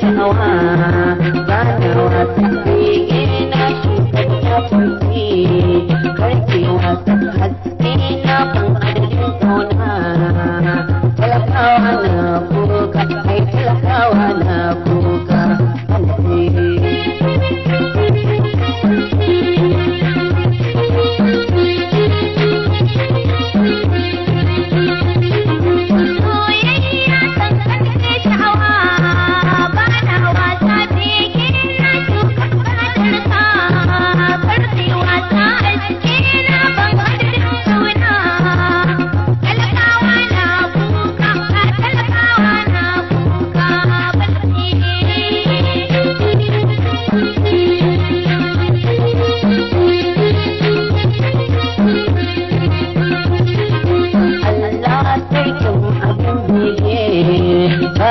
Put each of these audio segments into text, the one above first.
Tanawa, Kalakawana,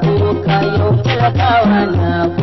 kuka yau kalakawana,